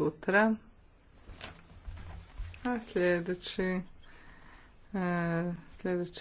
sutra. A sljedeći, e, sljedeći